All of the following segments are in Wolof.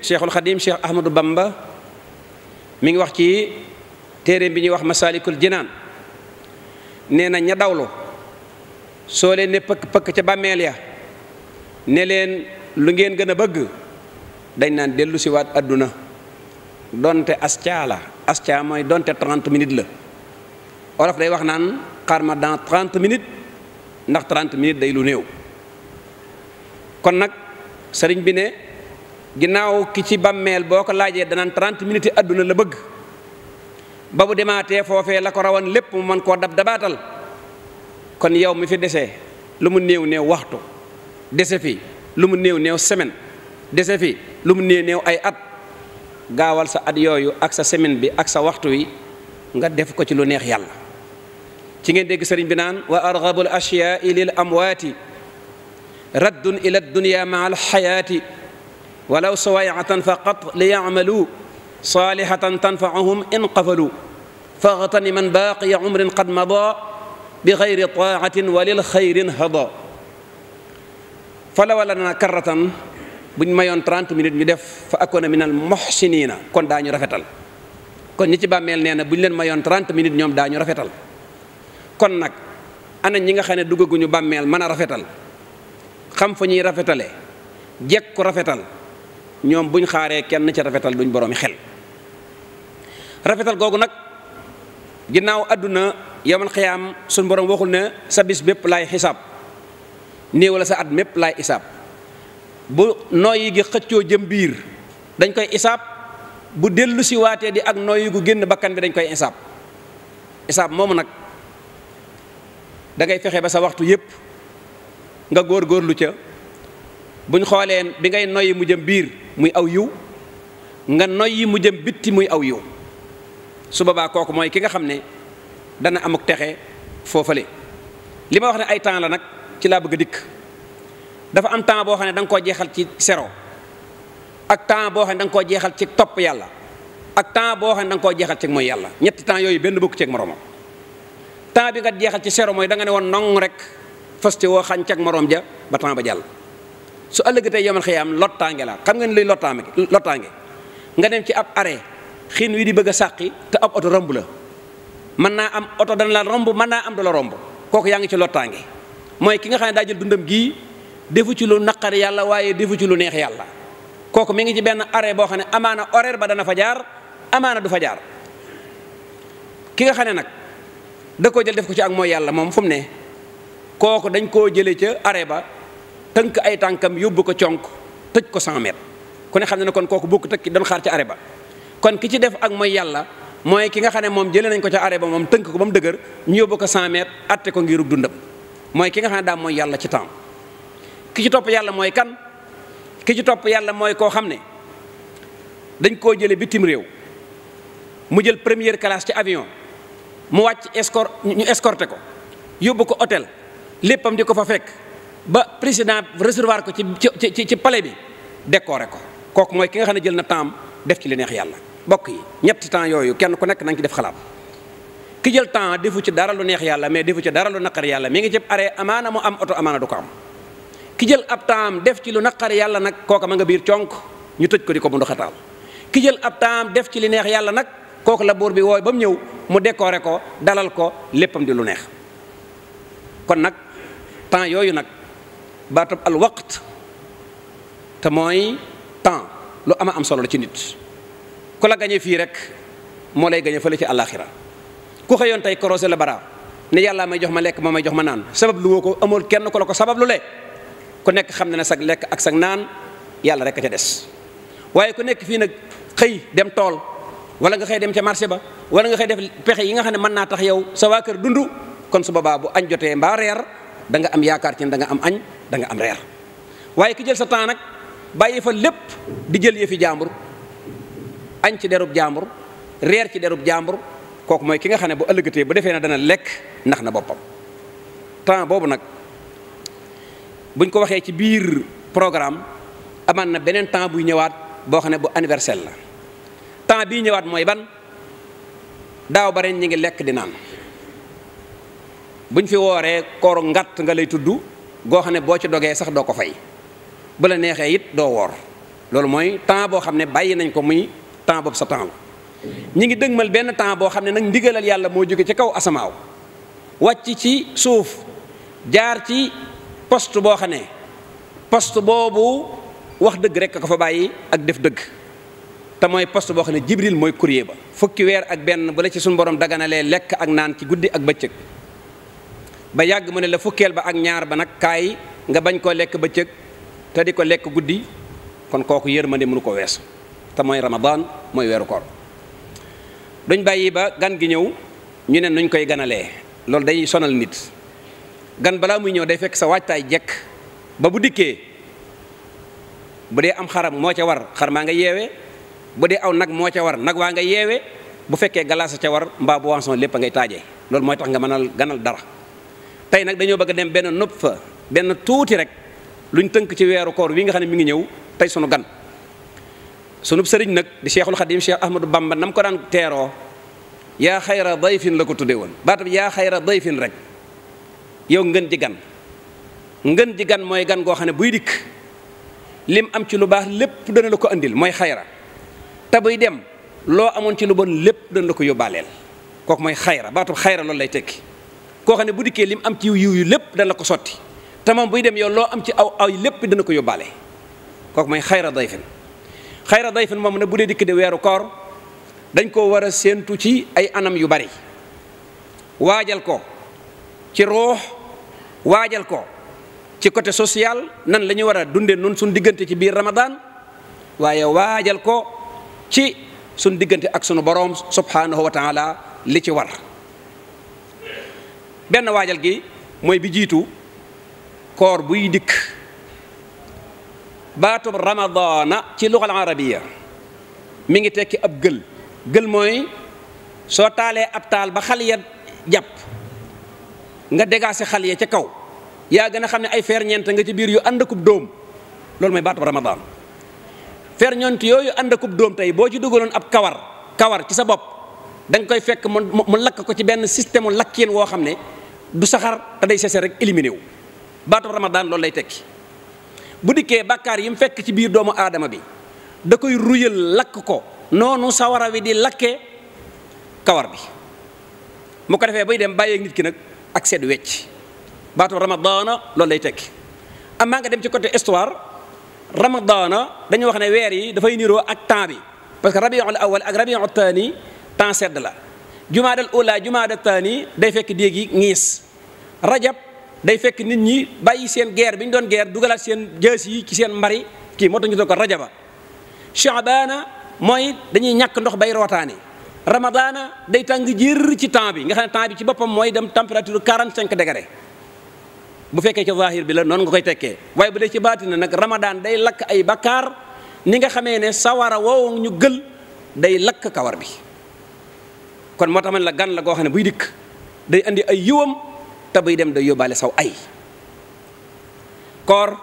cheikhul xadim cheikh ahmadou bamba mi ngi wax ci téeréem bi ñuy wax masalikul jinaan nee na ña dawlu soo leen ne pëkk pëkk ca bàmmeel ya ne leen lu ngeen gën a bëgg dañ naan dellu si waat àdduna donte asca la asca mooy donte 30 minutes la olof day wax naan xaar ma dans 30 minutes ndax 30 minutes day lu néew kon nag sëriñ bi ne ginnaaw ki ci bàmmeel boo ko laajee danaan trent minutes yi àdduna la bëgg ba bu demaatee foofee la ko rawan lépp mu mën koo dab dabaatal kon yow mi fi desee lu mu néew néew waxtu dese fi lu mu néew néew semaine dese fi lu mu néew néew ay at gaawal sa at yooyu ak sa semaine bi ak sa waxtu wi nga def ko ci lu neex yàlla ci ngeen dégg sëriñ bi naan wa argabul ashyaai lil amwaati raddun ila dunya maa alxayaati walaw suwayatan faqat li yacmaluu saalihatan tanfacahum in qafaluu faxtani man baaqiya cumrin qad madaa bi xayri taacatin wa lil xayrin hadaa fa law lanaa karratan buñ mayoon trent minutes ñu def fa akoona min al muxsiniina kon daañu rafetal kon ñi ci bàmmeel nee na bu ñu leen mayoon 30 minutes ñoom daañu rafetal kon nag ana ñi nga xam ne duggaguñu bàmmeel mën a rafetal xam fa ñuy rafetale jekku rafetal ñoom buñ xaaree kenn ca rafetal duñ boroomi xel rafetal googu nag ginnaaw àdduna yamal xiyaam suñ borom waxul ne sa bis bépp laay xisaab nii wala sa at mépp laay isaab bu nooyi gi xëccoo jëm biir dañ koy isaab bu dellu si waatee di ak nooyi gu génn bakkan bi dañ koy isaab isaab moomu nag da ngay fexe ba sa waxtu yépp nga góor góorlu ca buñ xoolee bi ngay noyyi mu jëm biir muy aw yiw nga noyyi mu jëm bitti muy aw yiw su boobaa kooku mooy ki nga xam ne dana amuk texe foofale li ma wax ne ay temps la nag ci laa bëgg a dikk dafa am temps boo xam ne danga koo jeexal ci sero ak temps boo xam ne da koo jeexal ci topp yàlla ak temps boo xam ne da koo jeexal ci mooy yàlla ñetti temps yooyu benn bokk ceeg moroomam temps bi nga jeexal ci sero mooy da nga ne woon nong rek fas ci woo xañ ceeg moroom ja ba temps ba jàll su ëllëg tey yomal xiyaam lottaange la xam nga ngeen luy lottaange lottaange nga dem ci ab arrêt xiin wii di bëgg a sàqi te ab oto romb la mën naa am oto dana la romb mën naa am du la romb kooku yaa ngi ci lottaange mooy ki nga xam ne daa jël dundam gii defu ci lu naqar yàlla waaye defu ci lu neex yàlla kooku mu ngi ci benn arrêt boo xam ne amaana horaire ba dana fajaar jaar amaana du fa jaar ki nga xam ne nag da koo jël def ko ci ak mooy yàlla moom fu mu ne kooku dañ koo jëlee ca arrêt ba. tënk ay tànkam yóbbu ko conk tëj ko 100 mètres ku ne xam ne ne kon kooku bokk tëkki doon xaar ci arrêt ba kon ki ci def ak mooy yàlla mooy ki nga xam ne moom jëlee nañ ko ca arrêt ba moom tënk ko ba mu dëgër ñu yóbbu ko 100 mètres atte ko ngirug dundam mooy ki nga xam ne daal mooy yàlla ci temps ki ci topp yàlla mooy kan ki ci topp yàlla mooy koo xam ne dañ koo jëlee bitim réew mu jël première classe ci avion mu wàcc escort ñu escorté ko yóbbu ko hôtel léppam di ko fa fekk. ba président réservoir ko ci ci ci pale bi décoré ko kooku mooy ki nga xam ne jël na temps def ci li neex yàlla bokk yi ñetti temps yooyu kenn ku nekk na ci def xalaat ki jël temps defu ci dara lu neex yàlla mais defu ci dara lu naqar yàlla mi ngi ci arrêt amaana mu am du ko am ki jël ab temps def ci lu naqar yàlla nag kooka ma nga biir conk ñu tëj ko di ko bundu xataal ki jël ab temps def ci li neex yàlla nag kooku la buur bi wooy ba mu ñëw mu décoré ko dalal ko léppam di lu neex kon nag temps yooyu nag. baatab al waqt te mooy temps lu ama am solo la ci nit ku la gañe fii rek moo lay gañe fële ci àllaaxira ku xëyoon tey korosé la bara ne yàllaa may jox ma lekk moo may jox ma naan sabab lu woo ko amul kenn ku la ko sabab lu le ku nekk xam na ne sag lekk ak sag naan yàlla rek a ca des waaye ku nekk fii nag xëy dem tool wala nga xëy dem ca marché ba walla nga xëy def pexe yi nga xam ne mën naa tax yow sa waa kër dund kon su boobaa bu añ jotee mbaa da nga am yaakaar ci da nga am añ danga am reer waaye ki jël sa temps nag bàyyi fa lépp di jël fi jàmbur añ ci derub jàmbur reer ci derub jàmbur kooku mooy ki nga xam ne bu ëllëgatee bu defee na dana lekk ndax na boppam temps boobu nag buñ ko waxee ci biir programme amaan na beneen temps buy ñëwaat boo xam ne bu anniversaire la temps bii ñëwaat mooy ban daaw ba ñu ngi lekk di naan buñ fi wooree kooru ngàtt nga lay tudd goo xam ne boo ci dogee sax doo ko fay bu la neexee it doo woor loolu mooy temps boo xam ne bàyyi nañ ko muy temps boobu sa temps la ñi ngi dëggmal benn temps boo xam ne nag ndigalal yàlla moo jóge ci kaw asamaaw wàcc ci suuf jaar ci poste boo xam ne poste boobu wax dëgg rek ko fa bàyyi ak def dëgg te mooy poste boo xam ne jibril mooy courrier ba fukki weer ak benn bu la ci suñu borom daganalee lekk ak naan ci guddi ak bëccëg ba yàgg ma ne la fukkeel ba ak ñaar ba nag kaay nga bañ koo lekk ba bëccëg te di ko lekk guddi kon kooku ma yërmande mënu koo weesu te mooy ramadan mooy weeru koor duñ bàyyi ba gan gi ñëw ñu ne nuñ koy ganalee loolu day sonal nit gan balaa muy ñëw day fekk sa waajtaay jekk ba bu dikkee bu dee am xaram moo ca war xar maa nga yeewe bu dee aw nag moo ca war nag waa nga yeewee bu fekkee galaas ca war mbaa boisson lépp ngay taaje loolu mooy tax nga mënal ganal dara tey nag dañoo bëgg a dem benn nopp fa benn tuuti rek luñ tënk ci weeru koor wi nga xam ne mi ngi ñëw tey sunu gan sunu sëriñ nag di cheikhul xadim cheikh ahmadou bamba ko daan teeroo yaa xayra fin la ko tuddee woon baatam yaa xayra dayfin rek yow ngën ji gan ngën ji gan mooy gan goo xam ne buy dikk lim am ci lu baax lépp dana la ko indil mooy xayra te buy dem loo amoon ci lu bon lépp dana la ko yóbbaaleel kooku mooy xayra baatam xayra loolu lay tekki koo xam ne bu dikkee lim am ci yiw yu lépp dana la ko sotti te moom buy dem yow loo am ci aw ay lépp dana ko yóbbaale kooku mooy xayra dayfin xayra dayfin moom na bu dee dikk di weeru koor dañ koo war a séentu ci ay anam yu bari waajal ko ci ruux waajal ko ci côté social nan lañuy ñu war dundee noonu suñ diggante ci biir Ramadan waaye waajal ko ci suñ diggante ak sunu borom subhanahu wa li ci war benn waajal gi mooy bi jiitu koor buy dikk baatub ramadaana ci luxal arabiya mu ngi tekki ab gël gël mooy soo taalee ab taal ba xal ya jàpp nga dégaase xal ya ca kaw yaa gën a xam ne ay ferñeent nga ci biir yu ànd akub dóom loolu mooy baatub ramadaan ferñeent yooyu ànd akub dóom tey boo ci dugaloon ab kawar kawar ci sa bopp da koy fekk mu mu lakk ko ci benn système mu lakkeen woo xam ne du saxar te day sese rek éliminé wu baatu ramadaan loolu lay tekki bu dikkee bàkkaar yi mu fekk ci biir doomu aadama bi da koy ruyal lakk ko noonu sawara wi di lakke kawar bi mu ko defee bay dem bàyyeeg nit ki nag ak sedd wecc baatu ramadaana loolu lay tekki am maa nga dem ci côté histoire ramadaana dañu wax ne weer yi dafay niroo ak temps bi parce que rabiul awal ak rabiul thani temps sedd la jumaadal ula jumaada taani day fekk déeg yi ngiis rajab day fekk nit ñi bàyyi seen guerre bi ñu doon guerre dugalaat seen jës yi ci seen mbari kii moo tax ñu doon ko rajaba chaabana mooy dañuy ñàkk ndox bay rootaane ramadana day tàng jër ci temps bi nga xam ne temps bi ci boppam mooy dem température 45 degré bu fekkee ci zahir bi la noon nga koy tekkee waaye bu dee ci baatina nag ramadan day lakk ay bakkaar ni nga xamee ne sawara woowu ñu gël day lakk kawar bi kon moo tax man la gan la goo xam ne buy dikk day indi ay yiwam te buy dem day yóbbaale saw ay koor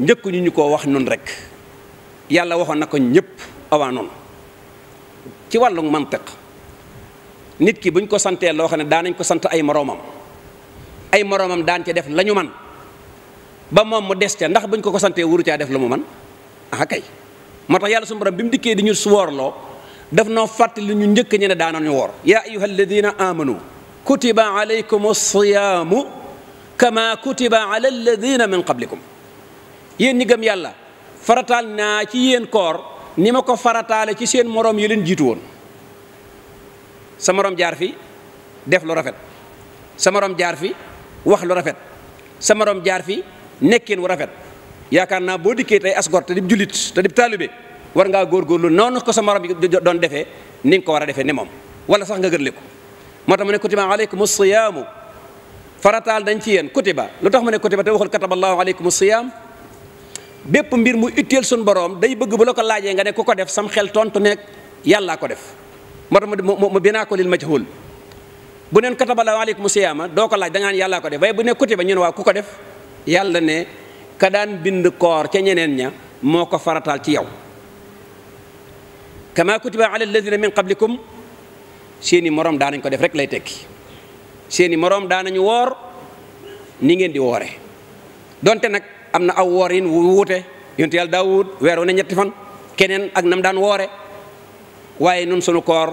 njëkku ñu ñu ko wax nun rek yàlla waxoon na ko ñëpp avant noonu ci wàllu mantiq nit ki buñ ko santee loo xam ne daan nañ ko sant ay moroomam ay moroomam daan ca def la ñu man ba moom mu des ca ndax buñ ko ko santee wuru caa def la mu man ah kay moo tax yàlla suñu borom bi mu dikkee di ñu suwoorloo daf noo fàttali ñu njëkk ñene ne ñu woor yaa ayuha alladina amanu kutiba alaykum alsiyaamu kama kutiba ala alladina min qablikum yéen ñi yàlla farataal naa ci yéen koor ni ma ko farataale ci seen moroom yi leen jiitu woon sa moroom jaar fi def lu rafet sa moroom jaar fi wax lu rafet sa moroom jaar fi nekkin wu rafet yaakaar naa boo dikkee tey as gor te dib jullit te dib taalibe war ngaa góorgóorlu noonu ko sa morom bi doon defee ni nga ko war a defee ne moom wala sax nga gën le ko moo tax mu ne kutiba aleykum siyaamu farataal dañ ci yéen kutiba lu tax mu ne kutiba te waxul kataballaahu aleykum siyaam bépp mbir mu itteel suñu borom day bëgg bu la ko laajee nga ne ku ko def sam xel tontu ne yàllaa ko def moo tax mu binaa ko lil majhul bu neen kataballaahu aleykum siyaama doo ko laaj da nga yàllaa ko def waaye bu ne kutiba ñu ne waa ku ko def yàlla ne ka daan bind koor ca ñeneen ña moo ko farataal ci yow kama kutiba ala alladina min qablikum seeni moroom daanañ ko def rek lay tekki seeni moroom daanañu woor ni ngeen di woore donte nag am na aw woor yin wu wuute yonte yàlla daawud weer wu ñetti fan keneen ak nam daan woore waaye nun sunu koor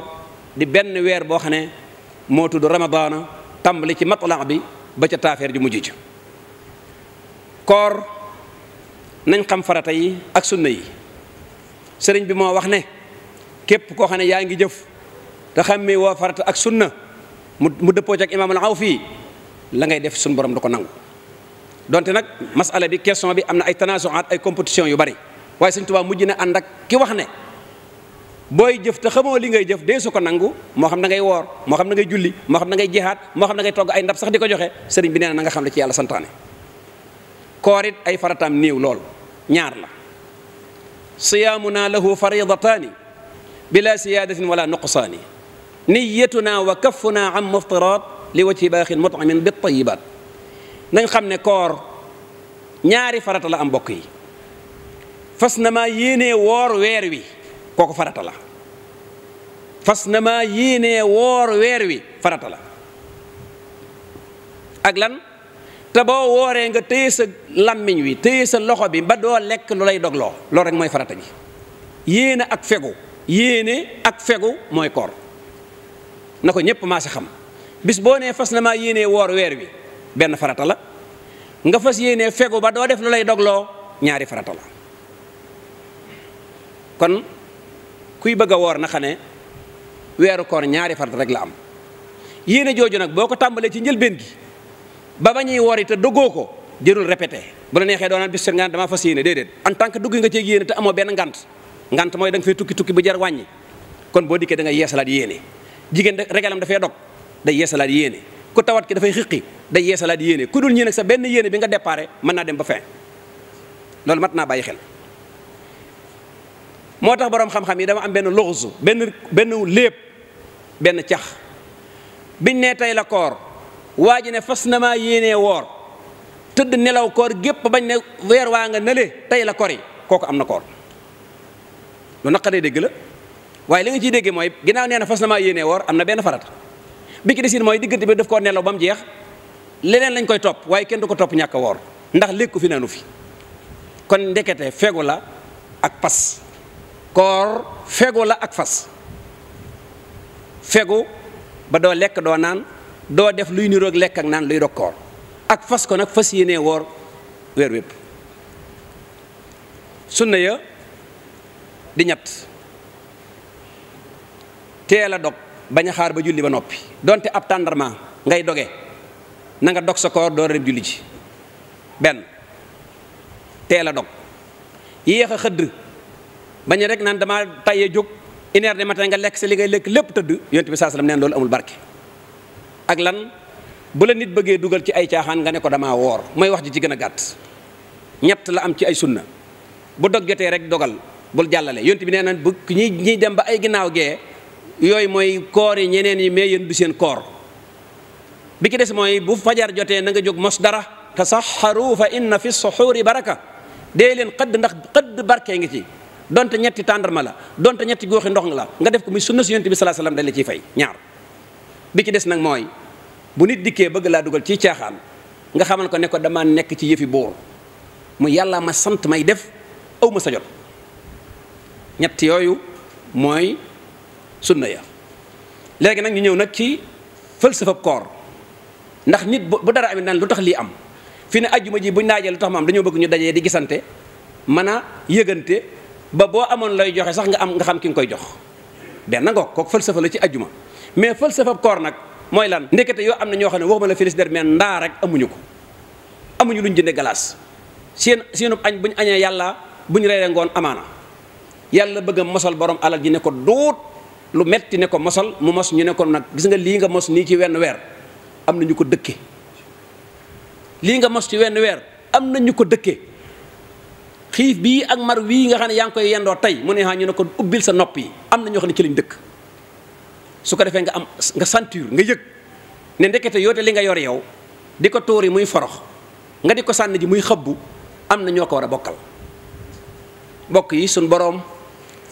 di benn weer boo xam ne moo tudd ramadaana tàmbali ci matlax bi ba ca taafeer ju mujj ca koor nañ xam farata yi ak sunna yi sëriñ bi moo wax ne képp koo xam ne yaa ngi jëf te xàmmee woo farata ak sunna mu dëppoo ci ak imaamul Awfi la ngay def suñu borom du ko nangu donte nag masala bi question bi am na ay tanaasuwaat ay compétition yu bari waaye Sëñ Tuubaa mujj na ànd ak ki wax ne booy jëf te xamoo li ngay jëf de su ko nangu moo xam da ngay woor moo xam da ngay julli moo xam da ngay jeexaat moo xam na ngay togg ay ndab sax di ko joxe sëriñ bi nee na na nga xam ne ci yàlla santaane koor ay farataam néew lool ñaar la siyaamuna lahu faridataani bila siyaadatin wala nuqsaani niyatunaa wa kafunaa am muftiraat li wajhi baaxin mut'amin bi tayibaat nañ xam ne koor ñaari farata la am mbokk yi fas na maa yéenee woor weer wi kooku farata la fas na maa yéenee woor weer wi farata la ak lan te boo wooree nga téye sa làmmiñ wi téye sa loxo bi ba doo lekk lu lay doglo loolu rek mooy farata bi yéene ak fegu yéene ak fegu mooy koor na ko ñëpp maa si xam bis boo nee fas na maa yéene woor weer wi benn farata la nga fas yéene fegu ba doo def lu lay dogloo ñaari farata la kon kuy bëgg a woor na xam ne weeru koor ñaari farata rek la am yéene jooju nag boo ko tàmbalee ci njëlbeen gi ba ba ñuy woor yi te doggoo ko jërul répété bu la neexee doonaan bis seen nga dama fas yéene déedéet en tant que nga ci yéene te amoo benn ngant ngant mooy da nga tukki tukki bu jar wàññi kon boo dikkee da ngay yeesalaat yéene jigéen regalam dafay dog day yeesalaat yéene ku tawat ki dafay xiqi day yeesalaat yéene ku dul ñi nag sa benn yéene bi nga déparé mën naa dem ba fin loolu mat naa bàyyi xel moo tax boroom xam-xam yi dama am benn loxusu benn benn léeb benn cax biñ ne tey la koor waa ji ne fas na maa yéenee woor tëdd nelaw koor gépp bañ ne weer waa nga nale tey la kori kooku am na koor lu naqaree dégg la waaye li nga ciy déggee mooy ginnaaw nee na fas na maa yéenee woor am na benn farat bi ki desin mooy diggante bi daf koo nelaw ba jeex leneen lañ koy topp waaye kenn du ko topp ñàkk woor ndax lékku fi naanu fi kon ndekete fegu la ak pas koor fegu la ak fas fegu ba doo lekk doo naan doo def luy niroog lekk ak naan luy dog koor ak fas ko nag fas yéenee woor weer wépp sunna ya di ñett teel a dog bañ a xaar ba julli ba noppi donte ab tàndarma ngay doge na nga dog sa koor door a dem julli ji benn teel a dog yéex a xëdd bañ rek naan damaa tayee jóg une heure du nga lekk si li ngay lekk lépp tëdd yonent bi saasalam neen loolu amul barke ak lan bu la nit bëggee dugal ci ay caaxaan nga ne ko dama woor mooy wax ji ci gën a gàtt ñett la am ci ay sunna bu dog jotee rek dogal bul jàllale yonent bi nee na bu ñi ñuy dem ba ay ginnaaw gee yooyu mooy koor yi ñeneen yi mais yéen du seen koor bi ki des mooy bu fajar jotee na nga jóg mos dara tasaxaru fa inna fi suxuuri baraka dee leen xëdd ndax xëdd barkee ngi ci donte ñetti tàndarma la donte ñetti góoxi ndox la nga def ko muy sunna si bi salaa salaam dañ la ciy fay ñaar bi ci des nag mooy bu nit dikkee bëgg laa dugal ci caaxaan nga xamal ko ne ko dama nekk ci yëfi buur mu yàlla ma sant may def aw ma sa jot ñett yooyu mooy sunna ya léegi nag ñu ñëw nag ci fëlsafab koor ndax nit bu dara amee naan lu tax lii am fi ne ajjuma ji buñ naajee lu tax mu am dañoo bëgg ñu dajee di gisante mën a yëgante ba boo amoon lay joxe sax nga am nga xam ki nga koy jox benn ngoog fël fëlsafa la ci ajjuma mais fëlsafab koor nag mooy lan ndekete yoo am na ñoo xam ne waxuma la félicité mais ndaa rek amuñu ko amuñu luñ jënde galaas seen seenub añ buñ añee yàlla buñ reeree ngoon amaana yàlla bëgg a mosal borom alal ji ne ko duut lu metti ne ko mosal mu mos ñu ne ko nag gis nga lii nga mos nii ci wenn weer am na ñu ko dëkke lii nga mos ci wenn weer am na ñu ko dëkke xiif bii ak mar wii nga xam ne yaa ngi koy yendoo tey mu ne xaa ñu ne ko ubbil sa nopp yi am na ñoo xam ne ci lañ dëkk su ko defee nga am nga sentir nga yëg ne ndekete yoote li nga yor yow di ko tuuri muy forox nga di ko sànni ji muy xëbbu am na ñoo ko war a bokkal bokk yi suñ boroom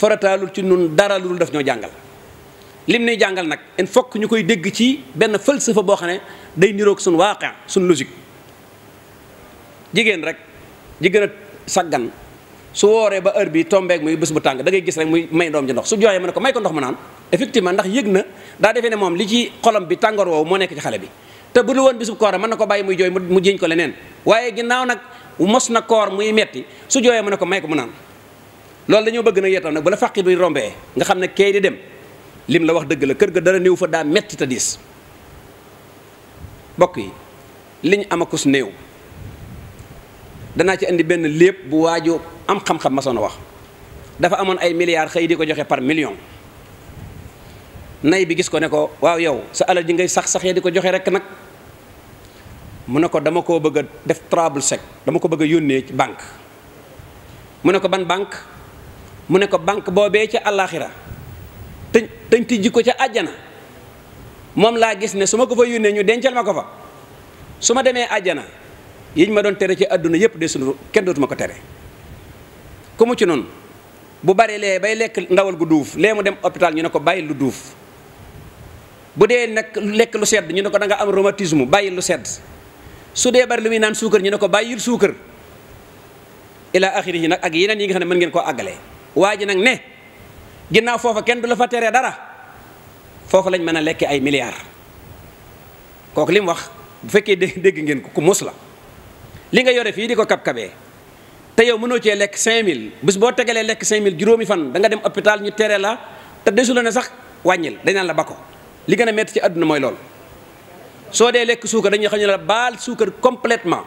farataalul ci nun dara lu dul daf ñoo jàngal lim nuy jàngal nag infok ñu koy dégg ci benn falsafa boo xam ne day niroog suñ waaqe suñ logique jigéen rek ji gën a saggan su wooree ba heure bi tombeeg muy bés bu tàng da ngay gis rek muy may doom ji ndox su jooyee mu ne ko may ko ndox mu naan effectivement ndax yëg na daa defee ne moom li ci xolam bi tàngoor woowu moo nekk ci xale bi te bu dul woon bisub koor mën na ko bàyyi muy jooy mu jiñ ko leneen waaye ginnaaw nag mos na koor muy metti su jooyee mu ne ko may mu naan loolu dañoo bëgg nag yeetam nag bala la fàqir bi rombee nga xam ne kay di dem lim la wax dëgg la kër ga dara néew fa daa metti a diis bokk yi liñ amakus néew danaa ci indi benn lépp bu waaju am xam-xam ma a wax dafa amoon ay milliards xëy di ko joxe par million nay bi gis ko ne ko waaw yow sa alal ji ngay sax-saxee di ko joxe rek nag mu ne ko dama koo bëgg a def trouble sec dama ko bëgg yónnee ci banque mu ne ko ban banque mu ne ko banque boobee ca àllaaxira tëñ tëñ tijji ko ca àjjana moom laa gis ne su ma ko fa yónnee ñu dencal ma ko fa su ma demee àjjana yiñ ma doon tere ci àdduna yépp de sunu kenn dootuma ko tere ku mu ci noonu bu bareelee bay lekk ndawal gu duuf lee mu dem hôpital ñu ne ko bàyyi lu duuf bu dee nag lekk lu sedd ñu ne ko danga nga am rhumatisme bàyyi lu sedd su dee bari lu muy naan suukar ñu ne ko bàyyil suukar ila axiri yi nag ak yeneen yi nga xam ne mën ngeen koo àggalee waa ji nag ne ginnaaw foofa kenn du la fa teree dara foofu lañ mën a lekkee ay milliards kooku li mu wax bu fekkee dégg ngeen ku ku mus la li nga yore fii di ko kab-kabee te yow mënoo cee lekk 5000 bis boo tegalee lekk 5000 juróomi fan danga dem hôpital ñu tere la te desu la ne sax wàññil dañ naan la ko li gën a métti ci àdduna mooy lool soo dee lekk suukar dañuy xam ñu la baal suukar complètement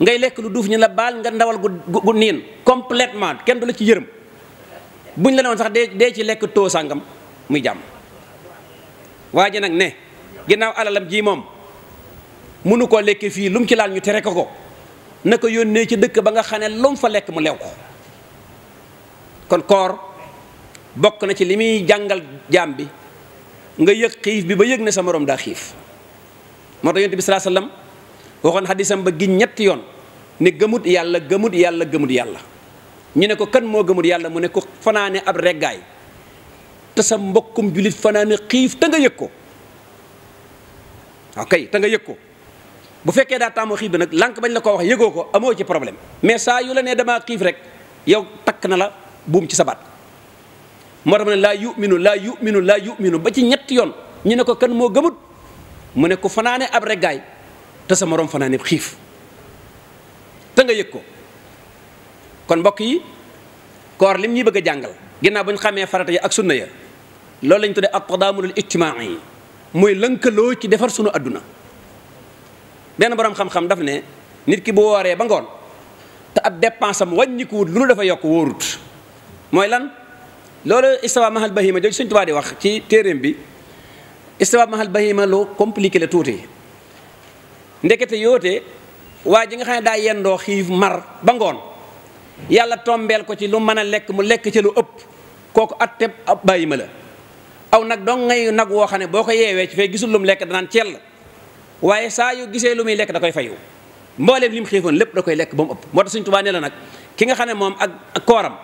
ngay lekk lu duuf ñu la baal nga ndawal gu gu niin complètement kenn du la ci yërëm buñ la ne woon sax dee dee ci lekk too sàngam muy jàmm waa ji nag ne ginnaaw alalam ji moom mënu koo lekk fii lu mu ci laal ñu tere ko ko na yónnee ci dëkk ba nga xam ne lu mu fa lekk mu lew ko kon koor bokk na ci li muy jàngal jaam bi nga yëg xiif bi ba yëg ne sa moroom daa xiif moo tax yonent bi salaa sallam waxoon xadisam ba gi ñetti yoon ne gëmut yàlla gëmut yàlla gëmut yàlla ñu ne ko kan moo gëmul yàlla mu ne ko fanaane ab reggaay te sa mbokkum jullit fanaane xiif te nga yëg ko ok te nga yëg ko bu fekkee daa taamu xiif bi nag lànk bañ la ko wax yëgoo ko amoo ci problème mais saa yu la nee damaa xiif rek yow takk na la buum ci sa baat moo tax mu ne laa yuminu laa yuminu laa ba ci ñetti yoon ñu ne ko kan moo gëmut mu ne ko fanaane ab reggaay te sa moroom fanaane xiif te nga yëg ko kon mbokk yi koor lim ñuy bëgg a jàngal ginnaaw bu ñu xamee farata yi ak sunna ya loolu lañ mu at-tadaamul ijtimaa'i mooy lënkaloo ci defar sunu adduna benn boroom xam-xam daf ne nit ki bu wooree ba ngoon te ak dépense am wàññikuwut lu dafa yokk wóorut mooy lan loolu istawa mahal bahima jooju Sëñ Tuubaa di wax ci téereem bi istawa mahal bahima lu compliqué la tuuti ndekete yoote waa ji nga xam ne daa yendoo xiif mar ba ngoon yàlla tombeel ko ci lu mën a lekk mu lekk ci lu ëpp kooku atteb ab bàyyi ma la aw nag dong ngay nag woo xam ne boo ko yeewee ci fee gisul lu mu lekk danaan cell waaye saa yu gisee lu muy lekk da koy fayu mbooleem li mu xiifoon lépp da koy lekk ba mu ëpp moo tax suñ nag ki nga xam ne moom ak kooram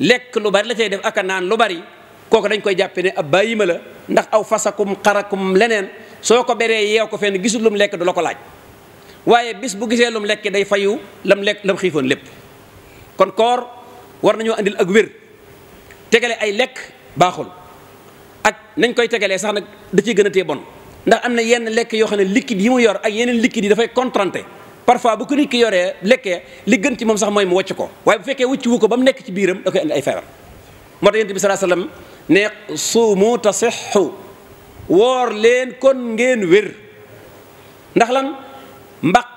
lekk lu bari la cay def aka naan lu bari kooku dañ koy jàppe ne ab bàyyi ma la ndax aw fasakum xarakum leneen soo ko beree yeew ko fenn gisul lu mu lekk du la ko laaj waaye bis bu gisee lu mu lekk day la mu lekk lam xiifoon lépp kon koor war nañoo indil ak wér tegale ay lekk baaxul ak nañ koy tegalee sax nag da ciy gën a tee bon ndax am na yenn lekk yoo xam ne liquide yi mu yor ak yeneen liquide yi dafay contenté parfois bu ko nit ki yoree lekkee li gën ci moom sax mooy mu wocc ko waaye bu fekkee wëcc wu ko ba mu nekk ci biiram da koy indi ay feebar moo tax yonent bi sallallahu alayhi wasallam ne suumu woor leen kon ngeen wér ndax lan mbaq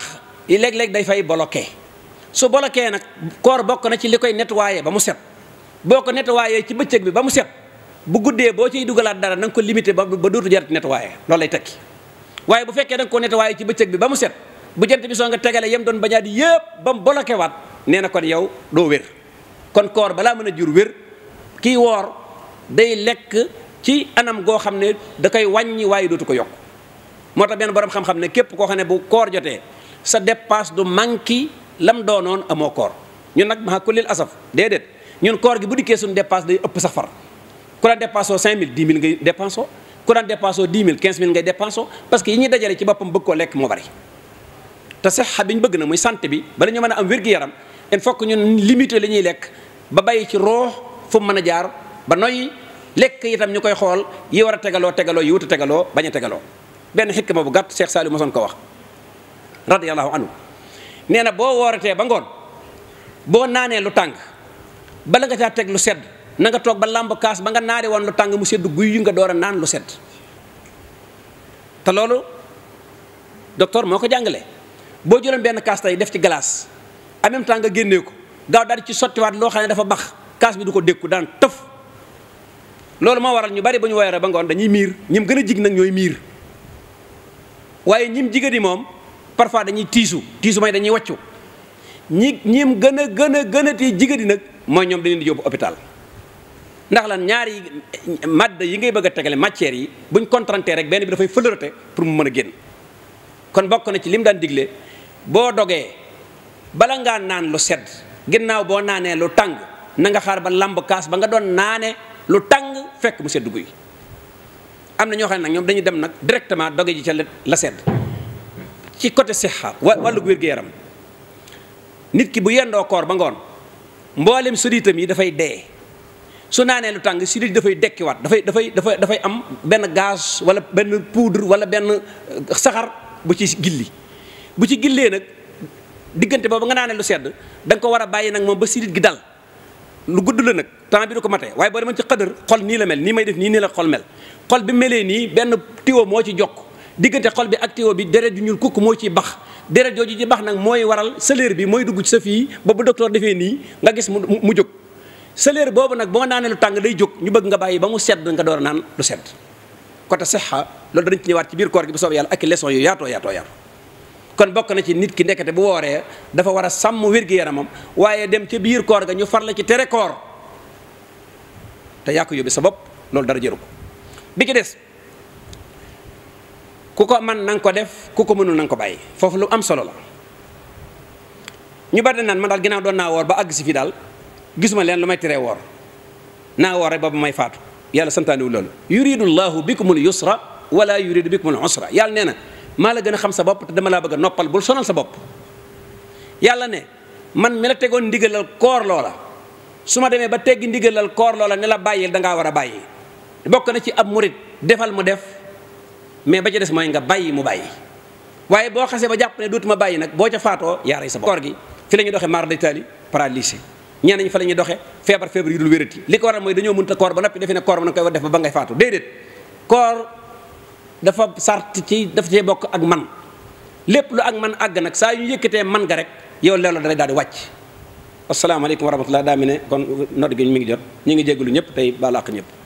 yi léeg-léeg day fay bloqué su bolokee nag koor bokk na ci li koy nettoyé ba mu set boo ko nettoyé ci bëccëg bi ba mu set bu guddee boo ciy dugalaat dara na ko limité ba ba dootu jarati nettoyé loolu lay tekki waaye bu fekkee da koo ko nettoyé ci bëccëg bi ba mu set bu jant bi soo nga tegale yem doon bañaa di yëpp ba mu boloke waat nee na kon yow doo wér kon koor balaa mën a jur wér kii woor day lekk ci anam goo xam ne da koy wàññi waaye dootu ko yokk moo tax benn borom xam-xam ne képp koo xam ne bu koor jotee sa dépasse du manqué lam doonoon amoo koor ñun nag maa kulil asaf déedéet ñun koor gi bu dikkee suñu dépense day ëpp sax far ku daan dépensé 5000 10 000 ngay dépensé ku daan dépensé 10 000 15 000 ngay dépensé parce que yi ñuy dajale ci boppam bëgg koo lekk moo bari te sexa bi ñu bëgg na muy sant bi bala ñu mën a am wér-gu-yaram il faut que ñun limité li ñuy lekk ba bàyyi ci roox fu mu mën a jaar ba noyyi lekk itam ñu koy xool yi war a tegaloo tegaloo yi wut tegaloo bañ tegaloo benn xikma bu gàtt Cheikh Saliou mosoon ko wax radiyallahu anhu nee na boo wooratee ba ngoon boo naanee lu tàng bala nga caa teg lu sedd na nga toog ba làmb kaas ba nga naari woon lu tàng mu sedd guy yu nga door a naan lu sedd te loolu docteur moo ko jàngalee boo jëloon benn kaas tey def ci glace en même temps nga génnee ko gaaw daal ci sottiwaat loo xam ne dafa bax kaas bi du ko dékku daan tëf loolu moo waral ñu bari ba ñu woyare ba ngoon dañuy miir ñim gën a jig nag ñooy miir waaye ñim yi moom parfois dañuy tiisu tiisu may dañuy wàccu ñi ñim gën a gën a gën a tee jigéen nag mooy ñoom dañu di yóbbu hôpital ndax lan ñaari madde yi ngay bëgg a tegale matières yi buñ contrantee rek benn bi dafay fëlërate pour mu mën a génn kon bokk na ci lim daan digle boo dogee bala ngaa naan lu sedd ginnaaw boo naanee lu tàng na nga xaar ba lamb kaas ba nga doon naane lu tàng fekk mu sedd guy am na ñoo xam ne nag ñoom dañuy dem nag directement doge ji ca la sedd ci côté sixa wa wallu gu yaram nit ki bu yendoo koor ba ngoon mboolem sodiitam yi dafay dee su naanee lu tàng si lii dafay dekkiwaat dafay dafay dafay dafay am benn gaz wala benn poudre wala benn euh, saxar bu ci gilli bu ci gillee nag diggante boobu nga naanee lu sedd da ko war a bàyyi nag moom ba sidit gi dal lu gudd la nag temps bi du ko matee waaye boo demoon ci xëdër xol nii la mel nii may def nii nii la xol mel xol bi melee nii benn tiwo moo ci jokk diggante xol bi ak tiwo bi deret ju ñuul kukk moo ciy bax deret jooju di bax nag mooy waral salaire bi mooy dugg ci sa fii ba bu docteur defee nii nga gis mu mu jóg salaire boobu nag boo naanee lu tàng lay jóg ñu bëgg nga bàyyi ba mu sedd nga door a naan lu sedd côté sexa loolu danañ ci ñëwaat ci biir koor gi bu soob yàlla ak leçon yu yaatoo yaatoo yaatoo kon bokk na ci nit ki ndekete bu wooree dafa war a sàmm wér-gi-yaramam waaye dem ca biir koor ga ñu far la ci tere te yaa ko sa bopp loolu dara jëru ko ku ko man na ko def ku ko mënul na ko bàyyi foofu lu am solo la ñu bari naan man daal ginnaaw doon naa woor ba àgg si fii daal gisuma leen lu may teree woor naa woor rek ba ba may faatu yàlla santaaniwul loolu yuridu llahu bikumul yusra wala yuridu bikumul usra yàlla nee na maa la gën a xam sa bopp te dama laa bëgg a noppal bul sonal sa bopp yàlla ne man mi la tegoon ndigalal koor loola su ma demee ba teggi ndigalal koor loola ne la bàyyil da war a bàyyi bokk na ci ab murit defal mu def mais ba ca des mooy nga bàyyi mu bàyyi waaye boo xasee ba jàpp ne dootuma bàyyi nag boo ca faatoo yaa rey sa bopp koor gi fi la ñuy doxee mar d'Italie paralysé ñenn ñi fa la ñuy doxee feebar feebar yi dul wérati li ko waral mooy dañoo mënta koor ba noppi defe ne koor ba na koy war def ba ba ngay faatu déedéet koor dafa sart ci dafa cee bokk ak man lépp lu ak man àgg nag saa yu ñu yëkkatee man ga rek yow loola dalay daal di wàcc asalaamaaleykum wa rahmatullah daa mi ne kon nodd gi mi ngi jot ñu ngi jégalu ñëpp tey baal àq ñëpp